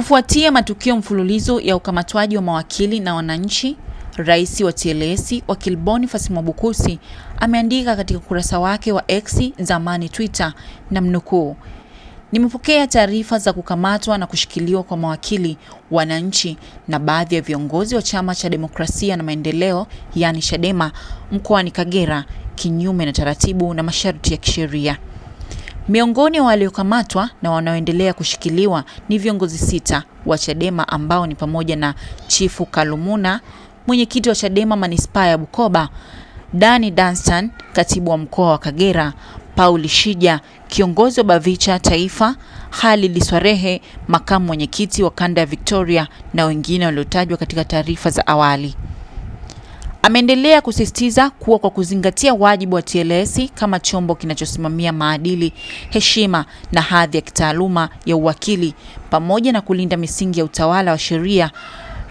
Kufuatia matukio mfululizo ya ukamatwaji wa mawakili na wananchi, Rais wa TLS Wakili Boniface Mwabukusi ameandika katika ukurasa wake wa X zamani Twitter na mnukuu, nimepokea taarifa za kukamatwa na kushikiliwa kwa mawakili, wananchi na baadhi ya viongozi wa Chama cha Demokrasia na Maendeleo yaani Chadema mkoani Kagera kinyume na taratibu na masharti ya kisheria. Miongoni wa waliokamatwa na wanaoendelea kushikiliwa ni viongozi sita wa Chadema ambao ni pamoja na Chifu Kalumuna, mwenyekiti wa Chadema manispaa ya Bukoba, Dani Danstan, katibu wa mkoa wa Kagera, Paul Shija, kiongozi wa Bavicha Taifa, Khalid Swarehe, makamu mwenyekiti wa kanda ya Victoria na wengine waliotajwa katika taarifa za awali. Ameendelea kusisitiza kuwa kwa kuzingatia wajibu wa TLS kama chombo kinachosimamia maadili, heshima na hadhi ya kitaaluma ya uwakili pamoja na kulinda misingi ya utawala wa sheria,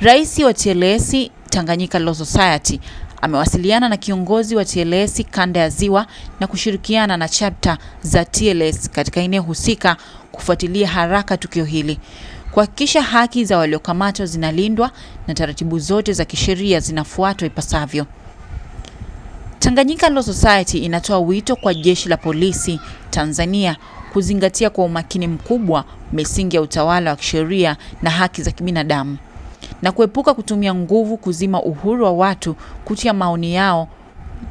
Rais wa TLS Tanganyika Law Society amewasiliana na kiongozi wa TLS kanda ya Ziwa na kushirikiana na chapta za TLS katika eneo husika kufuatilia haraka tukio hili kuhakikisha haki za waliokamatwa zinalindwa na taratibu zote za kisheria zinafuatwa ipasavyo. Tanganyika Law Society inatoa wito kwa jeshi la polisi Tanzania kuzingatia kwa umakini mkubwa misingi ya utawala wa kisheria na haki za kibinadamu na kuepuka kutumia nguvu kuzima uhuru wa watu kutia maoni yao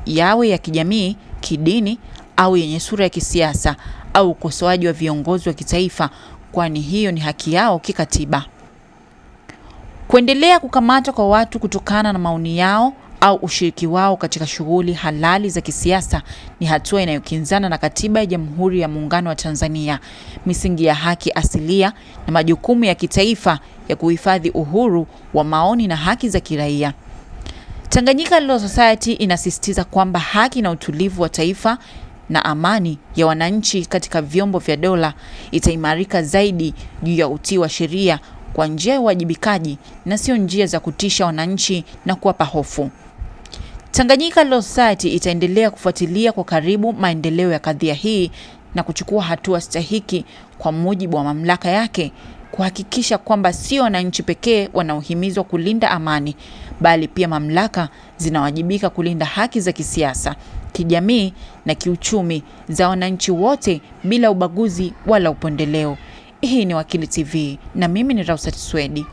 yawe ya kijamii, kidini au yenye sura ya kisiasa au ukosoaji wa viongozi wa kitaifa kwani hiyo ni haki yao kikatiba. Kuendelea kukamatwa kwa watu kutokana na maoni yao au ushiriki wao katika shughuli halali za kisiasa ni hatua inayokinzana na Katiba ya Jamhuri ya Muungano wa Tanzania, misingi ya haki asilia na majukumu ya kitaifa ya kuhifadhi uhuru wa maoni na haki za kiraia. Tanganyika Law Society inasisitiza kwamba haki na utulivu wa taifa na amani ya wananchi katika vyombo vya dola itaimarika zaidi juu ya utii wa sheria kwa njia ya uwajibikaji na sio njia za kutisha wananchi na kuwapa hofu. Tanganyika Law Society itaendelea kufuatilia kwa karibu maendeleo ya kadhia hii na kuchukua hatua stahiki kwa mujibu wa mamlaka yake kuhakikisha kwamba sio wananchi pekee wanaohimizwa kulinda amani, bali pia mamlaka zinawajibika kulinda haki za kisiasa, kijamii na kiuchumi za wananchi wote bila ubaguzi wala upendeleo. Hii ni Wakili TV na mimi ni Rausat Swedi.